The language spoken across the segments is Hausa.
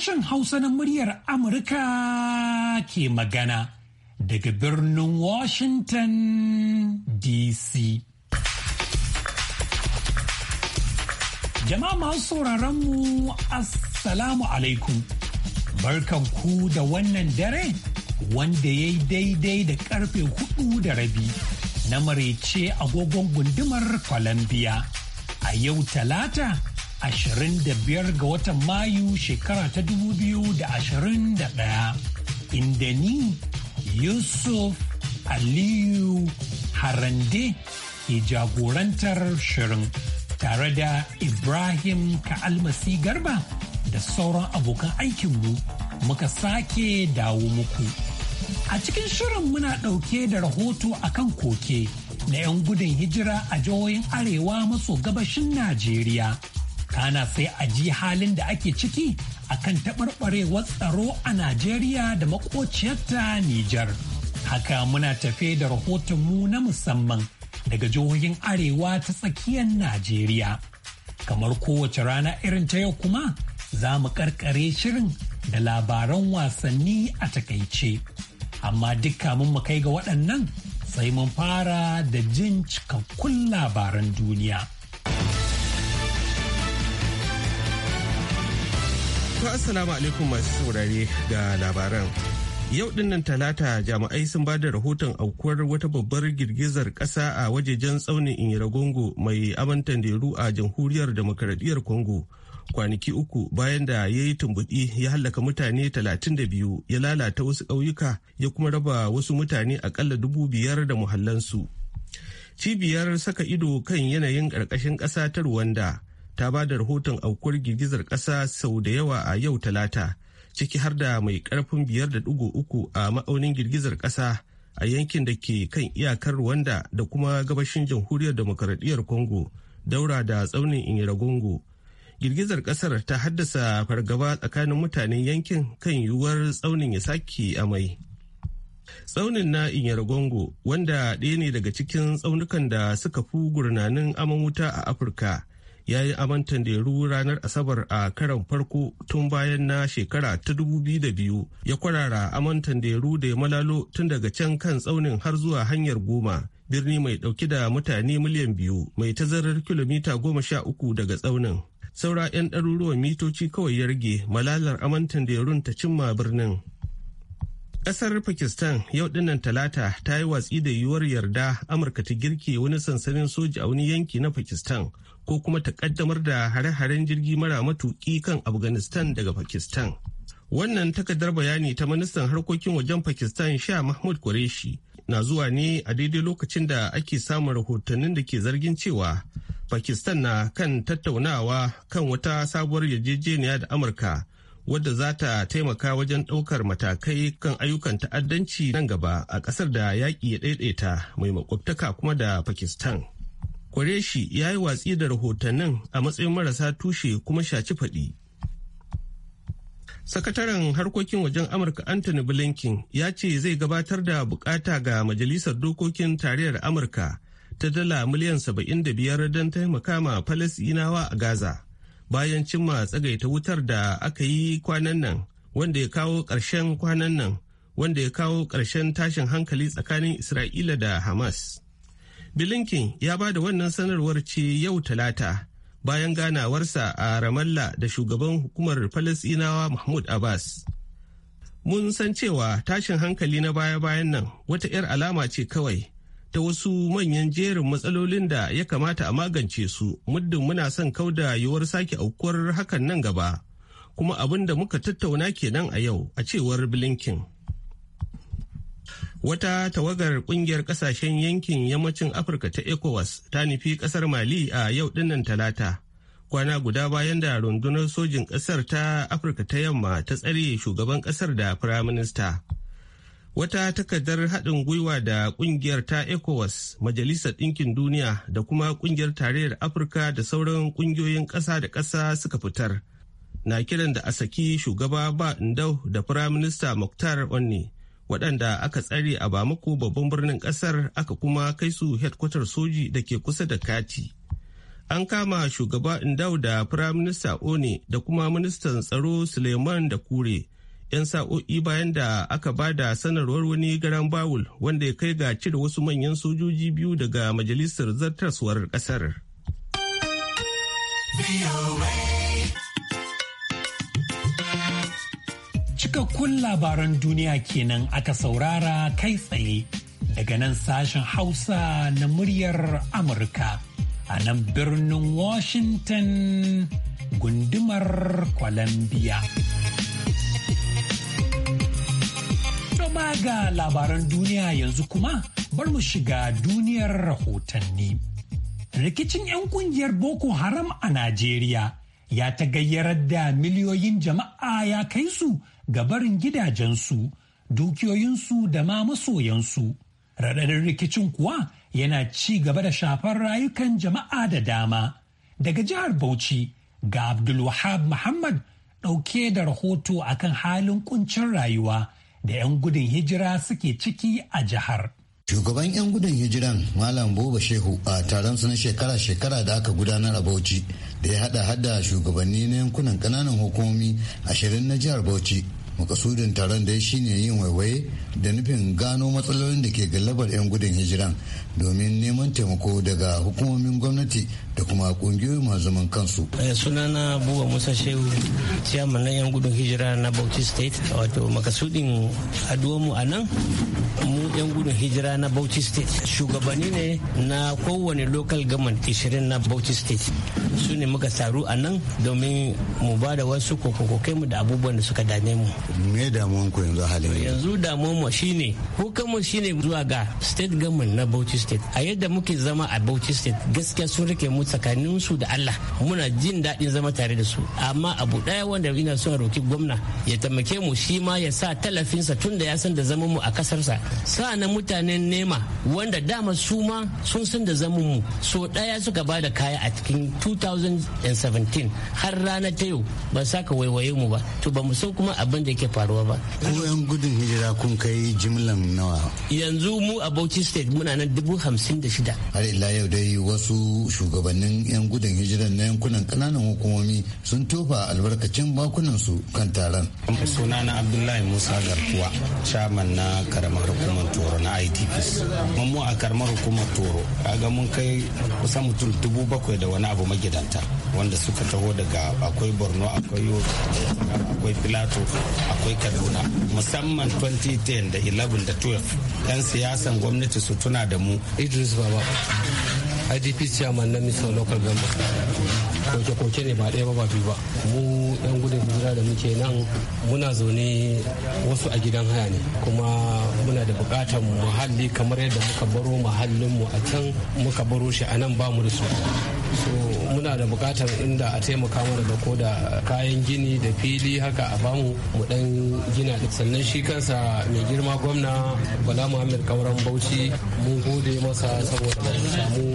Sashen Hausa na muryar Amurka ke magana daga birnin Washington DC. Jama'a masu sauraron mu Assalamu alaikum. Barkan ku da wannan dare wanda ya yi daidai da karfe hudu da rabi na marece agogon gundumar Columbia a yau talata 25 ga watan Mayu shekara ta 2021 inda ni Yusuf Aliyu Harande ke jagorantar shirin tare da Ibrahim Ka'almasi Garba da sauran abokan aikinmu muka sake dawo muku. A cikin shirin muna ɗauke da rahoto akan koke na 'yan gudun hijira a jihohin Arewa maso gabashin Najeriya. kana sai a ji halin da ake ciki a kan taɓarɓarewar tsaro a Najeriya da makociyarta Nijar. Haka muna tafe da rahotonmu na musamman daga jihohin Arewa ta tsakiyar Najeriya. Kamar kowace rana irin ta yau kuma za mu karkare shirin da labaran wasanni a takaice. Amma dukka mun mu kai ga waɗannan sai mun fara da jin cikakkun labaran duniya. To assalamu alaikum masu saurare ga labaran. Yau dinnan talata jami'ai sun ba da rahoton aukuwar wata babbar girgizar ƙasa a wajejen tsaunin Inyiragongo mai aman tanderu a jamhuriyar demokaradiyyar Congo. Kwanaki uku bayan da ya yi tumbuɗi ya hallaka mutane 32 ya lalata wasu ƙauyuka ya kuma raba wasu mutane akalla dubu biyar da muhallansu. Cibiyar saka ido kan yanayin ƙarƙashin ƙasa ta Rwanda. ta ba da rahoton aukuwar girgizar ƙasa sau da yawa a yau talata ciki har da mai karfin biyar da uku a ma'aunin girgizar ƙasa a yankin da ke kan iyakar Rwanda da kuma gabashin jamhuriyar demokaradiyyar Congo daura da tsaunin inyaragongo Girgizar ƙasar ta haddasa fargaba tsakanin mutanen yankin kan yiwuwar tsaunin ya sake amai. Tsaunin na Inyaragongo wanda ɗaya ne daga cikin tsaunukan da suka fi gurnanin aman wuta a Afirka ya yi ya ranar asabar a karan farko tun bayan na shekara ta dubu biyu da biyu. ya kwarara ya da ya malalo tun daga can kan tsaunin har zuwa hanyar goma birni mai dauki da mutane miliyan biyu mai tazarar kilomita goma sha uku daga tsaunin saura 'yan ɗaruruwan mitoci kawai ya rage malalar aman ta cimma birnin Ƙasar Pakistan yau dinnan talata ta yi watsi da yiwuwar yarda Amurka ta girke wani sansanin soja a wani yanki na Pakistan ko kuma ta ƙaddamar da hare-haren jirgi mara matuƙi kan Afghanistan daga Pakistan. Wannan takardar bayani ta ministan harkokin wajen Pakistan Shah Mahmud Qureshi na zuwa ne a daidai lokacin da ake samun rahotannin da ke zargin cewa Pakistan na kan tattaunawa kan wata sabuwar yarjejeniya da Amurka wadda za ta taimaka wajen ɗaukar matakai kan ayyukan ta'addanci nan gaba a ƙasar da yaƙi ya ɗaiɗaita mai makwabtaka kuma da Pakistan. Kwareshi ya yi watsi da rahotannin a matsayin marasa tushe kuma shaci faɗi. Sakataren harkokin wajen Amurka Anthony Blinken ya ce zai gabatar da bukata ga Majalisar Dokokin Tarayyar Amurka ta dala miliyan 75 don taimaka ma Falasɗinawa a Gaza. bayan cimma tsagaita wutar da aka yi kwanan nan wanda ya kawo ƙarshen kwanan nan wanda ya kawo ƙarshen tashin hankali tsakanin isra'ila da hamas bilinkin ya ba da wannan sanarwar ce yau talata bayan ganawarsa a ramallah da shugaban hukumar falasinawa mahmud abbas mun san cewa tashin hankali na baya-bayan nan wata 'yar alama ce kawai ta wasu manyan jerin matsalolin da ya kamata a magance su muddin muna son kauda yiwuwar sake aukuwar hakan nan gaba kuma abin da muka tattauna kenan a yau a cewar blinken wata tawagar kungiyar kasashen yankin yammacin afirka ta ecowas ta nufi kasar mali a yau dinnan talata kwana guda bayan da rundunar sojin kasar ta afirka ta yamma ta tsare shugaban kasar da firaminista. wata takardar haɗin gwiwa da ƙungiyar ta ecowas majalisar ɗinkin duniya da kuma ƙungiyar tarayyar afirka da sauran ƙungiyoyin ƙasa da ƙasa suka fitar na kiran da a saki shugaba ba ndau da firaminista muktar onne waɗanda aka tsare a bamako babban birnin ƙasar aka kuma kai su hedkwatar soji da ke kusa da kati an kama shugaba ndau da firaminista one da kuma ministan tsaro suleiman da kure 'yan sa'o'i bayan da aka ba da sanarwar wani garan bawul wanda ya kai ga cire wasu manyan sojoji biyu daga majalisar zartaswar kasar. Cikakkun labaran duniya kenan aka saurara kai tsaye daga nan sashen Hausa na muryar Amurka a nan birnin Washington gundumar Columbia. Koma ga labaran duniya yanzu kuma bar mu shiga duniyar rahotanni. Rikicin 'yan kungiyar Boko Haram a Najeriya ya ta gayyarar da miliyoyin jama'a ya kai su ga barin gidajensu, dukiyoyinsu da ma masoyansu. Raɗaɗin rikicin kuwa yana ci gaba da shafar rayukan jama'a da dama. Daga jihar Bauchi ga Abdulwahab Muhammad ɗauke da rahoto akan halin kuncin rayuwa. da 'yan gudun hijira suke ciki a jihar. Shugaban 'yan gudun hijiran Malam Boba Shehu a taron su na shekara-shekara da aka gudanar a Bauchi da ya hada hada shugabanni na yankunan kananan hukumomi ashirin na jihar Bauchi. Makasudin taron da ya shine yin waiwaye da nufin gano matsalolin da ke gallabar 'yan gudun hijiran domin neman taimako daga hukumomin gwamnati da kuma kungiyoyi masu zaman kansu. Eh, sunana buwa musa shehu ciyaman na yan gudun hijira na bauchi state wato makasudin mu a nan mu yan gudun hijira na bauchi state shugabanni ne na kowane local government 20 na bauchi state su ne muka taru a nan domin mu ba da wasu kokokokai mu da abubuwan da suka dame mu me damuwan ku yanzu halin yanzu damuwan mu shine hukumar shine zuwa ga state government na bauchi state a yadda muke zama a bauchi state gaskiya sun rike mu tsakanin su da allah muna jin daɗin zama tare da su amma abu ɗaya wanda ina son roki gwamna ya taimake mu shi ma ya sa talafinsa tun da ya san da zaman mu a kasarsa sa na mutanen nema wanda dama su ma sun san da zaman mu so ɗaya suka ba da kaya a cikin 2017 har rana ta yau ba saka waiwaye mu ba to ba mu san kuma abin da yake faruwa ba. Ko 'yan gudun hijira kun kai jimlan nawa? Yanzu mu a Bauchi State muna nan dubu dubu hamsin da shida. Har ila yau dai wasu shugabannin 'yan gudun hijiran na yankunan kananan hukumomi sun tofa albarkacin bakunansu kan taron. suna na Abdullahi Musa Garkuwa, shaman na karamar hukumar Toro na ITPs. Mun mu a karamar hukumar Toro, kaga mun kai kusan mutum dubu bakwai da wani abu magidanta. wanda suka taho daga akwai borno akwai akwai filato akwai kaduna musamman 2010 da 11 da 12 'yan siyasan gwamnati su tuna da mu idris baba idp chairman na mr local government koke-koke ne ba ɗaya ba ba biyu ba mu yan gudun hijira da muke nan muna zaune wasu a gidan haya ne kuma muna da buƙatar muhalli kamar yadda muka baro muhallinmu a can muka baro shi a nan ba mu da su so muna da bukatar inda a taimaka mana da ko da kayan gini da fili haka a bamu mu dan gina sannan shi kansa mai girma gwamna bala muhammad kauran bauchi mun gode masa saboda da samu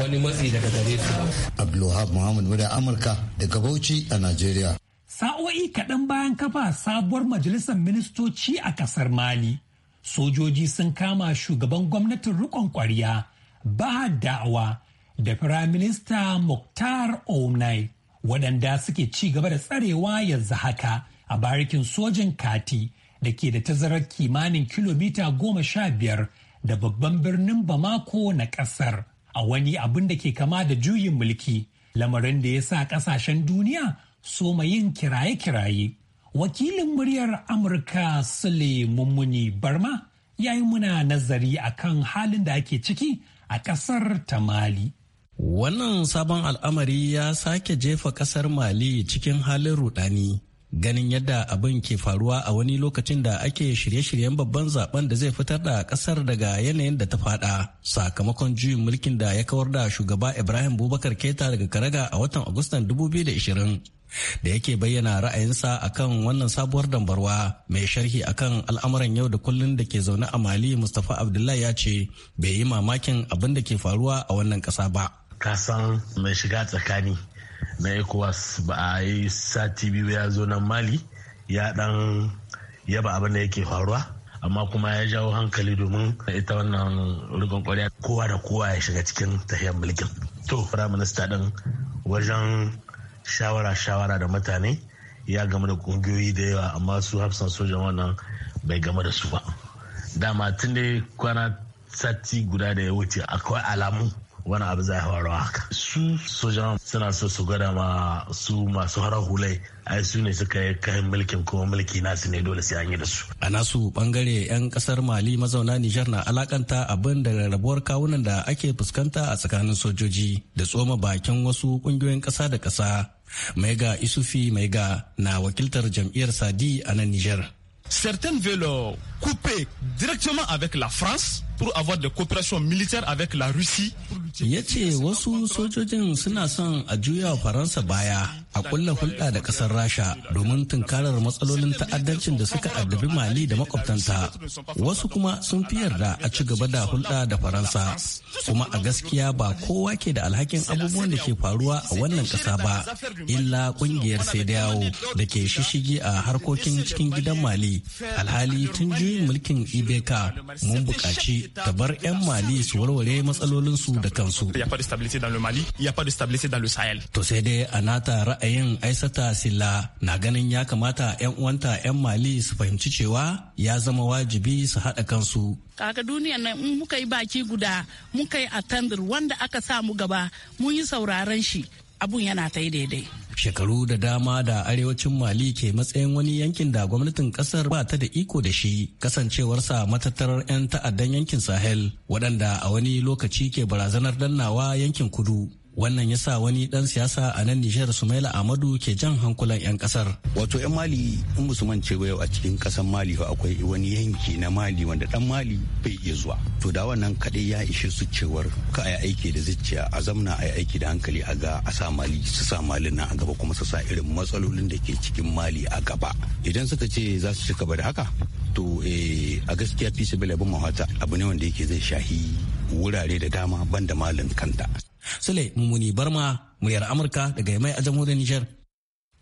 wani matsi daga gare su abdulwahab muhammad wadda amurka daga bauchi a nigeria sa'o'i kaɗan bayan kafa sabuwar majalisar ministoci a ƙasar mali sojoji sun kama shugaban gwamnatin rikon ƙwarya ba da'awa da Firaminista Muktar Onai waɗanda suke ci gaba da tsarewa yanzu haka a barikin sojin kati da ke da tazarar kimanin kilomita goma sha biyar da babban birnin Bamako na ƙasar a wani abin da ke kama da juyin mulki lamarin da ya sa ƙasashen duniya so yin kiraye-kiraye. Wakilin muryar Amurka Sule Mummuni Barma ya yi muna nazari akan halin da ake ciki a ƙasar ta Mali. Wannan sabon al'amari ya sake jefa ƙasar Mali cikin halin rudani. Ganin yadda abin ke faruwa a wani lokacin da ake shirye-shiryen babban zaben da zai fitar da kasar daga yanayin da ta fada sakamakon juyin mulkin da ya kawar da shugaba Ibrahim Bubakar Keta daga Karaga a watan Agustan 2020. da yake bayyana ra'ayinsa akan wannan sabuwar dambarwa mai sharhi akan al'amuran yau da kullun da ke zaune a mali mustapha abdullahi ya ce bai yi mamakin abin da ke faruwa a wannan ƙasa ba kasan mai shiga tsakani na ecowas ba a yi sati biyu ya zo nan mali ya dan yaba abin da yake faruwa amma kuma ya jawo hankali domin ita wannan rikon kwariya kowa da kowa ya shiga cikin tahiyar mulkin to Minista din wajen shawara-shawara da mutane ya gama da kungiyoyi da yawa amma su hafsan sojan wannan bai gama da su ba dama tun dai kwana sati guda da ya wuce akwai alamu wani abu zai faru haka su sojan suna so su gwada ma su masu harar hulai ai su ne suka yi kayan mulkin kuma mulki nasu ne dole sai an yi da su a nasu bangare yan kasar mali mazauna nijar na alakanta abin da rarrabuwar kawunan da ake fuskanta a tsakanin sojoji da tsoma bakin wasu kungiyoyin kasa da kasa maiga isufi mai ga na wakiltar jam'iyyar sadi a nan nijar Certain velo, coupe directement avec la france pour avoir des coopérations militaires avec la Russie. Ya ce wasu sojojin suna son a juya wa Faransa baya a kulla hulɗa da ƙasar Rasha domin tunkarar matsalolin ta'addancin da suka addabi Mali da makwabtanta. Wasu kuma sun fi yarda a ci gaba da hulɗa da Faransa. Kuma a gaskiya ba kowa ke da alhakin abubuwan da ke faruwa a wannan ƙasa ba, illa ƙungiyar sai da yawo da ke shishigi a harkokin cikin gidan Mali. Alhali tun juyin mulkin Ibeka mun buƙaci ta bar 'yan Mali su warware matsalolinsu da kansu. To sai dai a nata ra'ayin Aisata sila na ganin ya kamata 'yan uwanta 'yan Mali su fahimci cewa ya zama wajibi su haɗa kansu. Kaga duniyan nan in muka yi baki guda muka yi attendar wanda aka samu gaba mun yi sauraron shi abun yana ta daidai shekaru da dama da arewacin mali ke matsayin wani yankin da gwamnatin kasar ba ta da iko da shi kasancewarsa matattarar 'yan ta'addan yankin sahel waɗanda a wani lokaci ke barazanar dannawa yankin kudu wannan ya sa wani dan siyasa a nan nijar sumaila amadu ke jan hankulan 'yan kasar wato 'yan mali in musulman ce yau a cikin kasar mali akwai wani yanki na mali wanda dan mali bai iya zuwa to da wannan kadai ya ishe su cewar ka a aiki da zuciya a zamna a aiki da hankali a ga a sa mali su sa mali na a gaba kuma su sa irin matsalolin da ke cikin mali a gaba idan suka ce za su ci gaba da haka to eh, a gaskiya fi sabila mahata abu ne wanda yake zai shahi wurare da dama banda malin kanta Sule Mumuni Barma muryar Amurka daga Yamai a jamhuriyar Nijar.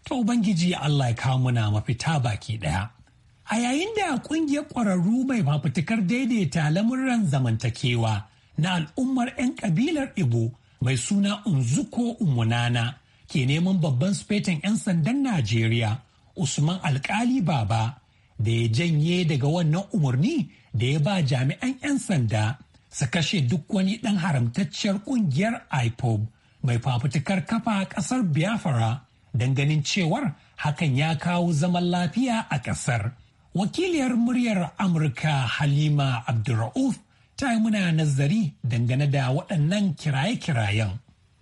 Ta Ubangiji Allah ya kawo muna mafita baki ɗaya. A yayin da ƙungiyar ƙwararru mai fafutukar daidaita lamuran zamantakewa na al'ummar 'yan kabilar Ibo mai suna Unzuko Umunana ke neman babban sufetin 'yan sandan Najeriya Usman Alkali Baba da ya janye daga wannan umarni da ya ba jami'an 'yan sanda. su kashe duk wani ɗan haramtacciyar ƙungiyar ipob mai fafutukar kafa a ƙasar biafra don cewar hakan ya kawo zaman lafiya a ƙasar wakiliyar muryar amurka halima abdulra'uf ta yi muna nazari dangane da waɗannan kiraye-kirayen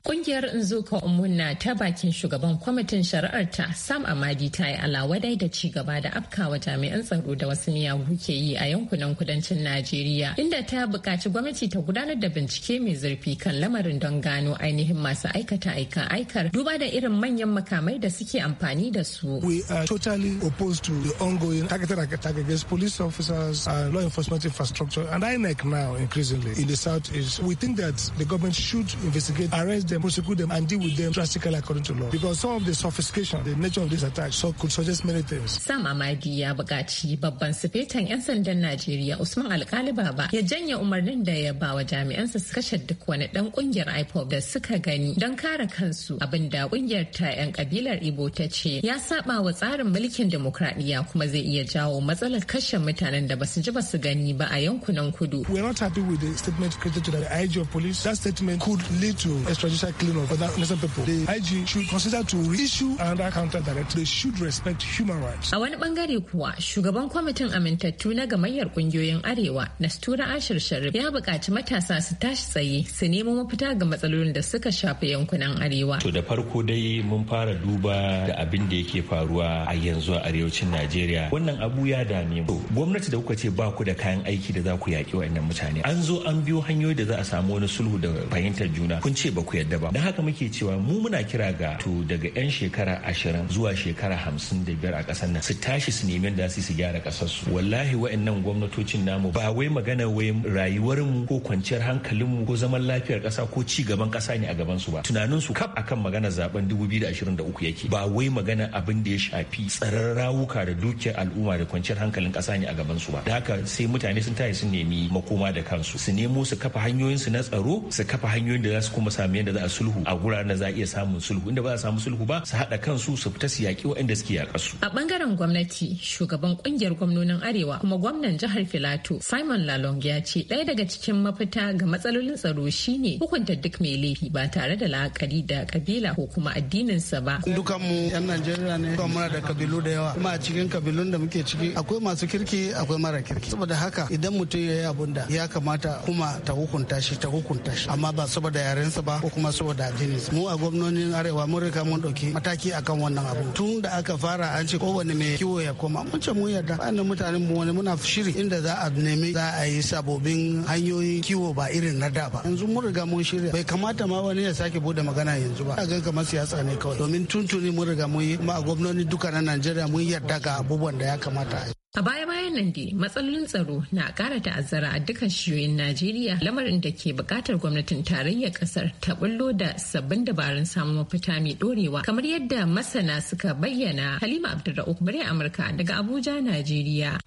Kungiyar Nzuko Umunna ta bakin shugaban kwamitin shari'ar ta Sam Amadi ta yi alawadai da ci gaba da afkawa jami'an tsaro da wasu miyagu ke yi a yankunan kudancin Najeriya inda ta buƙaci gwamnati ta gudanar da bincike mai zurfi kan lamarin don gano ainihin masu aikata aika aikar duba da irin manyan makamai da suke amfani da su. We are totally opposed to the ongoing targeted attack against police officers and law enforcement infrastructure and INEC now increasingly in the South is We think that the government should investigate arrest them, prosecute them, and deal with them drastically according to law. Because some of the sophistication, the nature of these attacks, so could suggest many things. Sam Amadi ya buƙaci babban sufetan 'yan sandan Najeriya Usman Alkali Baba ya janye umarnin da ya ba wa jami'ansa su kashe duk wani ɗan ƙungiyar IPOB da suka gani don kare kansu abinda ƙungiyar ta 'yan kabilar Ibo ta ce ya saba wa tsarin mulkin demokradiyya kuma zai iya jawo matsalar kashe mutanen da basu ji basu gani ba a yankunan kudu. We are not happy with the statement created to the IG of police. That statement could lead to extradition judicial clean of other innocent people. The IG should consider to reissue another counter direct. They should respect human rights. A wani bangare kuwa shugaban kwamitin amintattu na gamayyar kungiyoyin Arewa Nastura Ashir Sharif ya bukaci matasa su tashi tsaye su nemo mafita ga matsalolin da suka shafi yankunan Arewa. To da farko dai mun fara duba da abin da yake faruwa a yanzu a arewacin Najeriya. Wannan abu ya dame mu. Gwamnati da kuka ce ba ku da kayan aiki da za ku yaƙi wa'annan mutane. An zo an biyo hanyoyi da za a samu wani sulhu da fahimtar juna. Kun ce ba ku yadda ba da haka muke cewa mu muna kira ga to daga 'yan shekara ashirin zuwa shekara hamsin biyar a ƙasar nan su tashi su nemi da su gyara ƙasar su wallahi wa'annan gwamnatocin namu ba wai magana wai rayuwar mu ko kwanciyar hankalin mu ko zaman lafiyar ƙasa ko ci gaban ƙasa ne a gaban su ba tunanin su kaf akan magana zaben 2023 yake ba wai magana abin da ya shafi tsaron rawuka da dukiyar al'umma da kwanciyar hankalin ƙasa ne a gaban su ba da haka sai mutane sun tashi sun nemi makoma da kansu su nemo su kafa hanyoyin su na tsaro su kafa hanyoyin da za su kuma sami yadda da a sulhu a guraren da za a iya samun sulhu inda ba za a samu sulhu ba su haɗa kansu su fita su yaƙi waɗanda suke yaƙa su. A bangaren gwamnati shugaban kungiyar gwamnonin Arewa kuma gwamnan jihar Filato Simon Lalong ya ce ɗaya daga cikin mafita ga matsalolin tsaro shine hukunta duk mai laifi ba tare da la'akari da kabila ko kuma addininsa ba. Dukanmu 'yan Najeriya ne kuma muna da kabilu da yawa kuma a cikin kabilun da muke ciki akwai masu kirki akwai mara kirki saboda haka idan mutum ya yi abun da ya kamata kuma ta hukunta shi ta hukunta shi amma ba saboda yarensa ba ko kuma kuma saboda addinin mu a gwamnonin arewa mun rika mun ɗauki mataki akan wannan abu tun da aka fara an ce kowane mai kiwo ya koma mun ce mun yarda wannan mutanen mu wani muna shiri inda za a nemi za a yi sabobin hanyoyin kiwo ba irin na da ba yanzu mun riga mun shirya bai kamata ma wani ya sake bude magana yanzu ba ga kamar siyasa ne kawai domin tuntuni mun riga mun yi kuma a gwamnonin duka na Najeriya mun yarda ga abubuwan da ya kamata a A baya-bayan nan dai matsalolin tsaro na ƙara ta'azzara a dukkan shiyoyin Najeriya lamarin da ke buƙatar gwamnatin tarayyar ƙasar ta bullo da sabbin dabarun samun mafita mai ɗorewa kamar yadda masana suka bayyana Halima Abdulra'uf murya Amurka daga Abuja, Najeriya.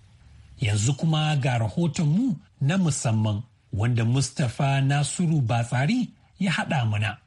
Yanzu kuma ga rahotonmu na musamman wanda Mustapha Nasiru Batsari ya haɗa mana.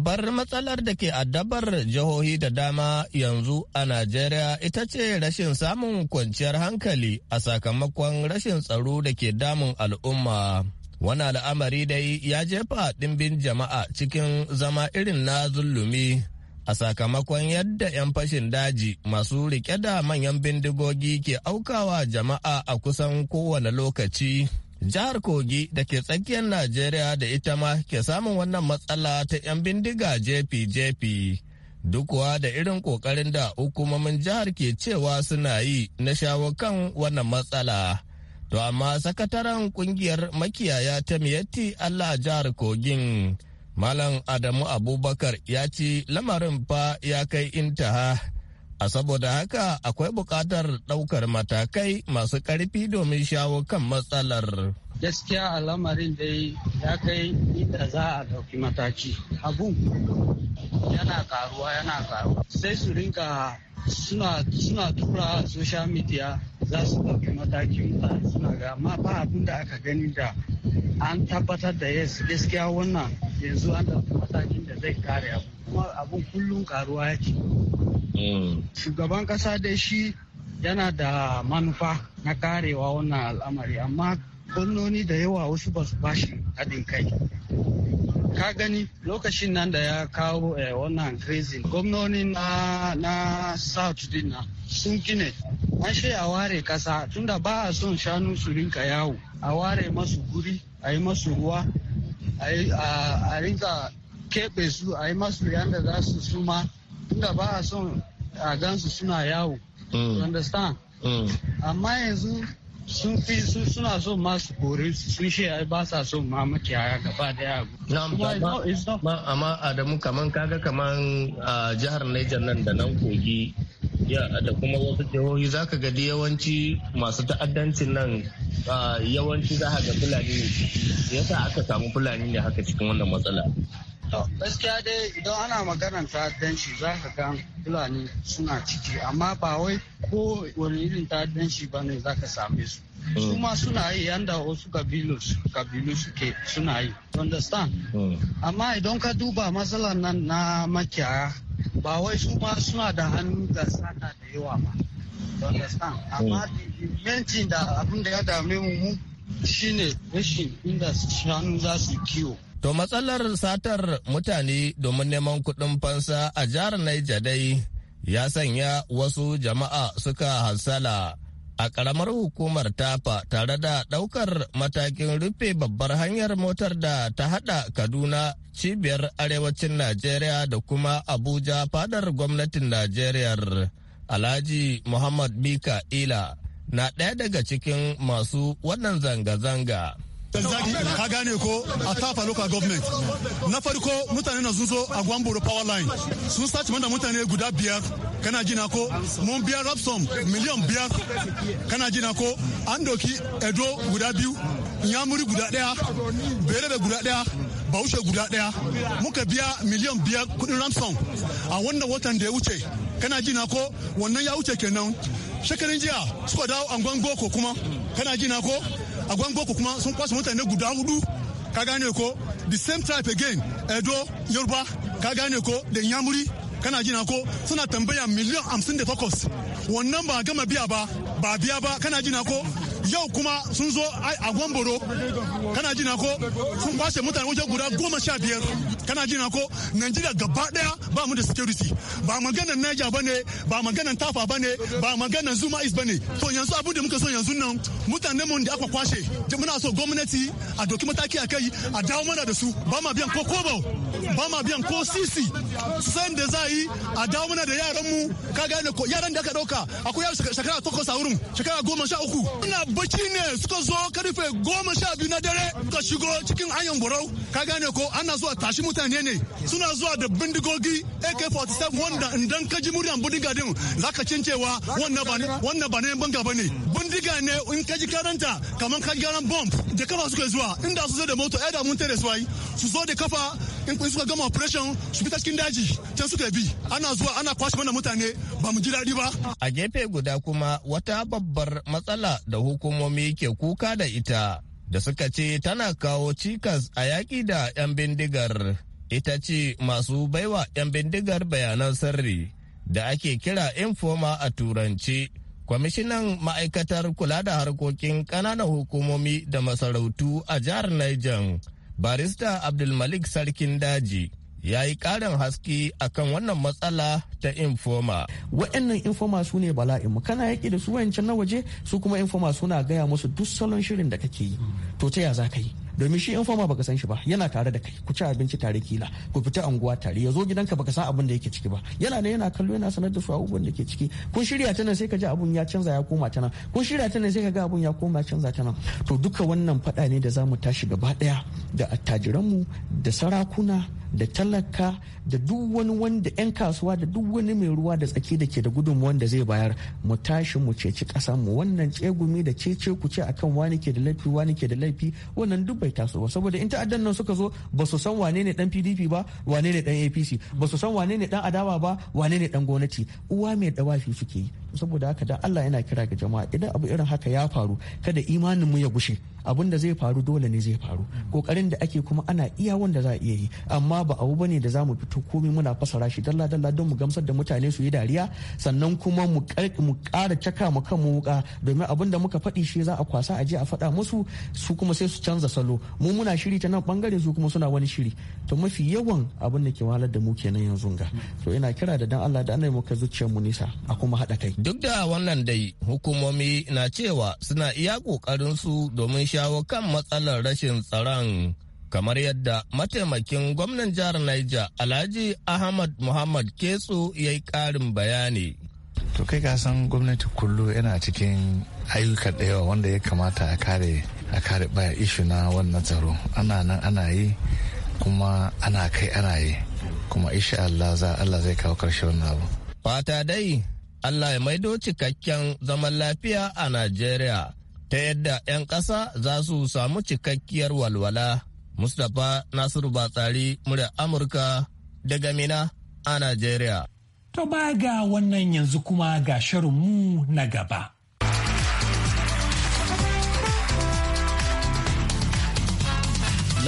Bar matsalar da ke addabar jihohi da dama yanzu a Najeriya ita ce rashin samun kwanciyar hankali a sakamakon rashin tsaro da ke damun al'umma. Wani al'amari dai ya jefa ɗimbin jama'a cikin zama irin na zulumi a sakamakon yadda 'yan fashin daji masu rike da manyan bindigogi ke aukawa jama'a a kusan kowane lokaci. Jihar Kogi da ke tsakiyar Najeriya da ita ma ke samun wannan matsala ta 'yan bindiga jefi-jefi. Dukuwa da irin ƙoƙarin da hukumomin jihar ke cewa suna yi na shawo kan wannan matsala. To amma sakataren kungiyar makiyaya ta miyatti Allah jihar Kogin, Malam Adamu Abubakar ya ci lamarin fa ya kai intaha. A saboda haka akwai buƙatar ɗaukar matakai masu ƙarfi domin shawo kan matsalar. gaskiya al'amarin da ya kai inda za a ɗauki mataki abun yana karuwa yana karuwa sai su rinka suna tura social media za su ɗauki mataki ba suna ga amma ba abin da aka gani da an tabbatar da yes gaskiya wannan yanzu an ɗauki matakin da zai kare abu kuma abun kullum karuwa ya ce. Mm. shugaban kasa dai shi yana da manufa na karewa wannan al'amari amma gwamnoni da yawa wasu ba su bashi haɗin kai ka gani lokacin nan da ya kawo eh, wannan grazing gwamnoni na na south din sun gine an shi a ware kasa tunda ba a son shanu su rinka yawo a ware masu guri a yi masu ruwa a rinka keɓe su a yi masu yadda za su suma tunda ba a son a gansu suna yawo mm. understand mm. amma yanzu sun fi su suna so ma su kore sun shi ba sa so ma makiyaya gaba daya amma amma Adamu kaman kaga kaman a jihar Niger nan da nan kogi da kuma wasu jihohi za ka gadi yawanci masu ta'addancin nan yawanci za ga fulani ne yasa aka samu fulani ne haka cikin wannan matsala gaskiya dai idan ana ta ta'addanci za ka ga fulani suna ciki amma ba wai ko wani irin ta'addanci ba ne za ka same su hmm. su ma suna yi yanda wasu kabilu suke suna yi understand hmm. amma idan ka duba matsalar nan na makiyaya ba wai su ma suna da hannu ga sata da yawa ba hmm. amma da abin da ya dame mu shine rashin inda shanu za su kiwo To matsalar satar mutane domin neman kuɗin fansa a jihar Naija dai ya sanya wasu jama'a suka hansala, a ƙaramar hukumar tafa tare da ɗaukar matakin rufe babbar hanyar motar da ta haɗa Kaduna cibiyar arewacin Najeriya da kuma Abuja fadar gwamnatin Najeriya Alhaji Muhammad Bika Ila na ɗaya daga cikin masu wannan zanga-zanga. ka gane ko a tafa local government na farko mutane na sun zo a gwamboro power line sun sace mana mutane guda biyar kana jina ko mun biya rapsom miliyan biyar kana jina ko an doki edo guda biyu nyamuri guda daya bere da guda daya baushe guda daya muka biya miliyan biyar kudin ramson a wannan watan da ya wuce kana jina ko wannan ya wuce kenan shekarun jiya suka dawo angon goko kuma kana jina ko a ku kuma sun kwashe mutane guda hudu ka gane ko the same type again edo yoruba ka gane ko da yamuri kana jina ko suna tambaya miliyan hamsin da takwas wannan ba gama biya ba ba biya ba kana jina ko yau kuma sun zo a gwamboro kana jina ko sun kwashe mutane wajen guda goma sha biyar kana jina ko najeriya gaba daya ba mu da security ba maganar naija ba ne ba maganar tafa ba ne ba maganar zuma is ba ne to yanzu abin da muka so yanzu nan mutane mu da aka kwashe muna so gwamnati a doki mataki a kai a dawo mana da su ba ma biyan ko kobo ba ma biyan ko sisi san da za yi a dawo mana da yaran mu kaga yaran da aka dauka akwai yaran shekara takwas a wurin shekara goma sha uku bacci ne suka zo karfe goma sha biyu na dare suka shigo cikin hanyar borau ka gane ko ana zuwa tashi mutane ne suna zuwa da bindigogi ak-47 wanda idan ka ji muryan bindiga din zaka cin cewa wannan ba ne banga ba ne bindiga ne in ka ji karanta kamar ka gyaran bomb da kafa suka zuwa inda su zo da moto ai da mun su su zo da kafa in suka gama operation su fita cikin daji can suka bi ana kwashe mana mutane ba mu ji daɗi ba. A gefe guda kuma wata babbar matsala da hukumomi ke kuka da ita da suka ce tana kawo cikas a yaƙi da 'yan bindigar ita ce masu baiwa 'yan bindigar bayanan sirri da ake kira infoma a turanci. Kwamishinan ma'aikatar kula da harkokin ƙananan hukumomi da masarautu a jihar Niger. barista abdulmalik sarkin daji ya yi ƙarin haske akan wannan matsala ta infoma. Wa'annan infoma su ne bala'inmu kana yaƙi da su wayancan na waje su kuma infoma suna gaya musu duk salon shirin da kake yi. To ta ya za ka yi? domin shi fama baka san shi ba yana tare da kai ku ci abinci tare kila ku fita anguwa tare ya zo gidanka baka san abin da yake ciki ba yana ne yana kallo yana sanar da su abubuwan da ke ciki kun shirya ta nan sai ka ji abun ya canza ya koma ta nan kun shirya ta nan sai ka ga abun ya koma canza ta nan to duka wannan faɗa ne da za mu tashi gaba ɗaya da attajiranmu da sarakuna da talaka da duk wani wanda 'yan kasuwa da duk wani mai ruwa da tsaki da ke da gudunmuwan da zai bayar mu tashi mu ceci mu wannan tsegumi da cece ku ce akan wani ke da laifi wani ke da laifi wannan duk bai taso ba saboda in ta'addan nan suka zo ba su san wane ne dan PDP ba wane ne dan APC ba su san wane ne dan adawa ba wane ne dan gwamnati uwa mai dawafi suke yi saboda haka da Allah yana kira ga jama'a idan abu irin haka ya faru kada imanin mu ya gushe abun da zai faru dole ne zai faru kokarin da ake kuma ana iya wanda za a iya yi amma ba abu bane da za mu fito komai muna fasara shi dalla dalla don mu gamsar da mutane su yi dariya sannan kuma mu mu kara caka mu kan mu wuka domin abin da muka faɗi shi za a kwasa a je a faɗa musu su kuma sai su canza salo mu muna shiri ta nan bangare su kuma suna wani shiri to mafi yawan abin da ke wahalar da mu kenan yanzu ga to ina kira da dan Allah da Annabi mu zuciyar mu nisa a kuma haɗa kai Duk da wannan dai hukumomi na cewa suna iya su domin shawo kan matsalar rashin tsaron. kamar yadda mataimakin gwamnan jihar Niger Alhaji Ahmad Muhammad Keso ya yi karin bayani. To kai ka san gwamnati kullu yana cikin ayyuka da wanda ya kamata a kare a kare baya ishu na wannan tsaro ana nan ana yi kuma ana kai ana yi kuma insha Allah za Allah zai kawo karshe wannan abu. Fata dai Allah ya maido cikakken zaman lafiya a Najeriya ta yadda 'yan ƙasa za su samu cikakkiyar walwala. Mustapha Nasiru Batsari murya Amurka daga Mina a Najeriya. To ba ga wannan yanzu kuma ga shirinmu na gaba.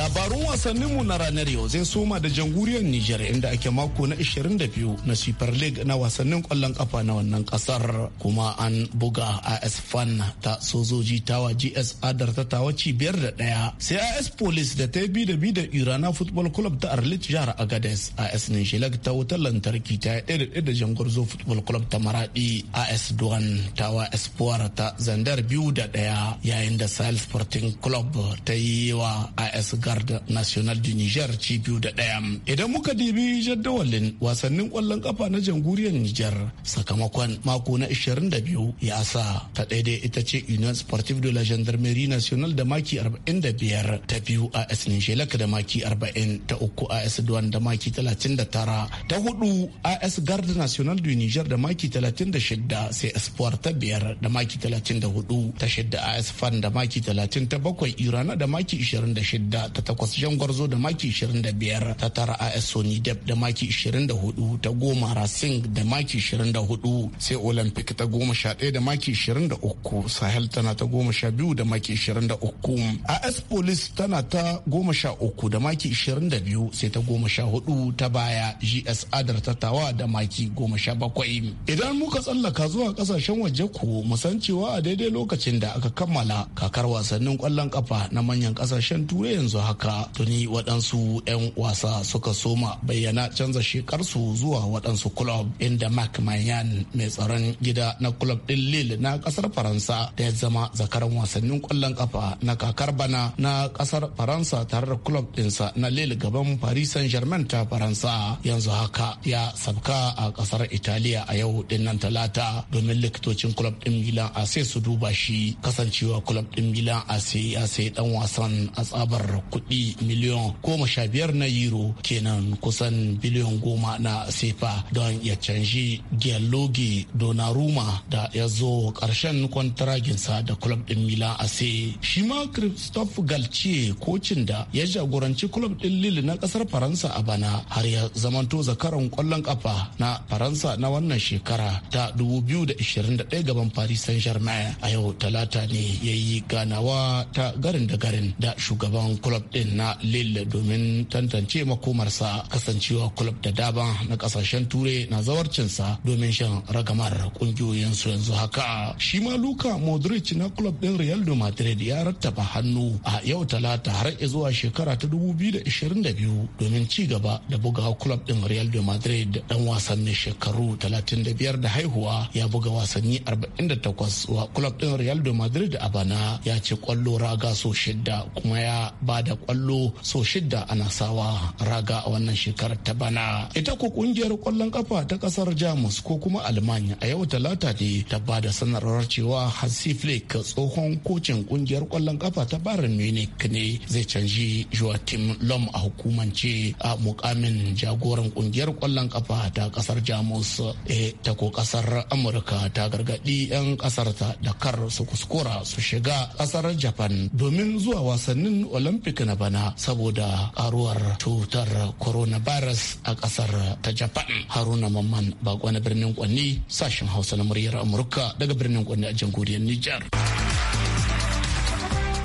Labarun wasanninmu na ranar yau zai soma da jamhuriyar Nijar inda ake mako na 22 na Super League na wasannin kwallon kafa na wannan kasar kuma an buga AS Fan ta sojoji tawa GS Adar ta tawa cibiyar da daya sai AS Police da ta bi da bi da Irana Football Club ta Arlit jihar Agades AS Nishilag ta wutar lantarki ta yi da Jangwarzo Football Club ta Maradi AS Duan tawa Espoir ta Zandar biyu da daya yayin da Sahel Sporting Club ta yi wa AS garda national du niger ci biyu da ɗaya idan muka dibi jadawalin wasannin kwallon kafa na jamhuriyar niger sakamakon mako na 22 ya sa ta daidai ita ce union sportive de la gendarmerie national da maki 45 ta biyu a as nishelak da maki 40 ta uku a as duwan da maki 39 ta hudu a as garda national du niger da maki 36 sai sport ta biyar da maki 34 ta shida a as fan da maki 37 irana da maki 26 ta takwas jan gwarzo da maki 25 ta tara as sony deb da maki 24 ta goma racing da maki 24 sai olympic ta goma sha ɗaya da maki 23 sahel tana ta goma sha biyu da maki 23 as police tana ta goma sha uku da maki 22 sai ta goma sha hudu ta baya gs adar ta tawa da maki goma sha bakwai idan muka tsallaka zuwa kasashen waje mu san cewa a daidai lokacin da aka kammala kakar wasannin kwallon kafa na manyan kasashen turai yanzu haka haka tuni waɗansu 'yan wasa suka soma bayyana canza shekarsu zuwa waɗansu kulob inda mark mayan mai tsaron gida na kulob ɗin lille na ƙasar faransa da ya zama zakaran wasannin ƙwallon ƙafa na kakar bana na ƙasar faransa tare da kulob ɗinsa na lille gaban paris saint germain ta faransa yanzu haka ya sabka a ƙasar italiya a yau ɗin nan talata domin likitocin kulob ɗin milan a sai su duba shi kasancewa kulob ɗin milan a sai ya sai ɗan wasan a tsabar kuɗi kuɗi miliyan goma sha biyar na euro kenan kusan biliyan goma na sefa don ya canji giallogi donaruma da ya zo ƙarshen kwantaraginsa da club ɗin milan ase shi ma christophe galtier kocin da ya jagoranci club ɗin lille na ƙasar faransa a bana har ya zamanto zakaran ƙwallon ƙafa na faransa na wannan shekara ta 2021 gaban paris saint-germain a yau talata ne ya yi ganawa ta garin da garin da shugaban kulob. din na Lille domin tantance makomarsa kasancewa kulub da daban na kasashen turai na zawarcinsa domin shan ragamar kungiyoyinsu yanzu haka shi ma Luka Modric na kulub din Real de Madrid ya rattaba hannu a yau talata har zuwa shekara ta 2022 domin ci gaba da buga kulub din Real de Madrid dan wasan shekaru 35 da haihuwa ya buga wasanni 48 wa kulub din Real de Madrid a bana ya ci kwallo raga so shidda kuma ya ba da kwallo so shida ana sawa raga a wannan shekarar ta bana ita ko kungiyar kwallon kafa ta kasar jamus ko kuma almanya a yau talata ne ta ba da sanarwar cewa hansi flake tsohon kocin kungiyar kwallon kafa ta bayern munich ne zai canji joachim lom a hukumance a mukamin jagoran kungiyar kwallon kafa ta kasar jamus e ta ko kasar amurka ta gargadi 'yan kasar ta da kar su kuskura su shiga kasar japan domin zuwa wasannin olympic olympic na bana saboda karuwar cutar coronavirus a kasar ta japan haruna mamman bako na birnin kwanni sashen hausa na muryar amurka daga birnin kwanni a jamhuriyar nijar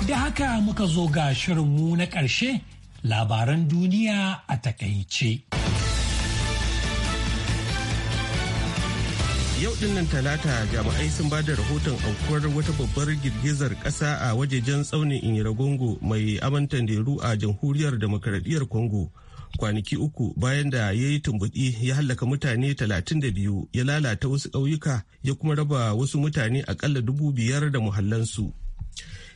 da haka muka zo ga shirinmu na ƙarshe labaran duniya a takaice. yau dinnan talata jami'ai sun ba da rahoton aukuwar wata babbar girgizar kasa a wajejen tsaunin inyaragongo mai amintan deru a jamhuriyar demokradiyyar congo kwanaki uku bayan da ya yi tumbuɗi ya hallaka mutane 32 ya lalata wasu ƙauyuka ya kuma raba wasu mutane akalla dubu biyar da muhallansu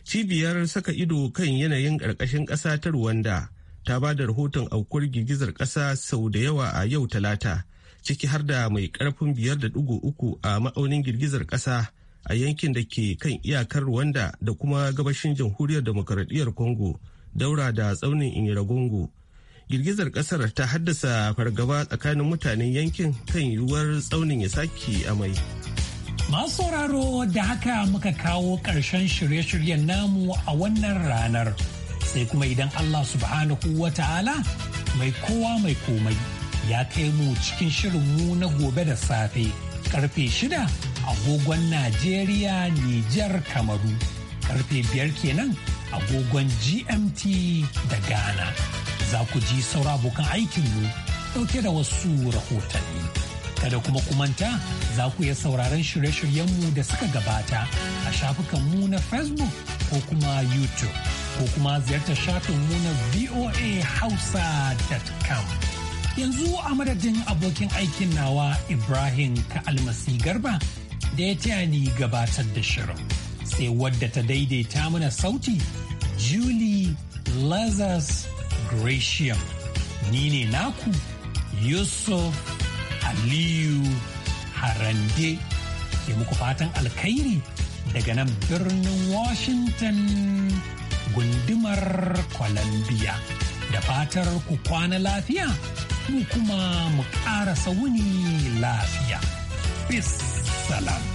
cibiyar saka ido kan yanayin ƙarƙashin ƙasa ta rwanda ta ba da rahoton aukuwar girgizar ƙasa sau da yawa a yau talata ciki har da mai karfin biyar da dugu uku a ma'aunin girgizar ƙasa a yankin da ke kan iyakar Rwanda da kuma gabashin jamhuriyar demokaradiyyar Congo daura da tsaunin Inyiragongo. Girgizar ƙasar ta haddasa fargaba tsakanin mutanen yankin kan yiwuwar tsaunin ya amai. Masu sauraro da haka muka kawo ƙarshen shirye-shiryen namu a wannan ranar. Sai kuma idan Allah subhanahu wa ta'ala mai kowa mai komai ya kai mu cikin shirin mu na gobe da safe karfe shida agogon Najeriya, Nijar, Kamaru. Karfe biyar kenan agogon GMT da Ghana. Za ku ji saura abokan aikinmu ɗauke da wasu rahotanni. Kada kuma kumanta za ku iya sauraron shirye-shiryenmu da suka gabata a shafukan mu na Facebook ko kuma YouTube ko kuma ziyartar mu na voahausa.com. yanzu a madadin abokin aikin nawa ibrahim ka almasi garba da ya taya ni gabatar da shirin sai wadda ta daidaita mana sauti julie lazarus gratium ni ne naku yusuf aliyu harande ke muku fatan alkhairi daga nan birnin washington gundumar columbia da fatar ku kwana lafiya mu kuma mu ƙarasa wuni lafiya. Peace. Salam.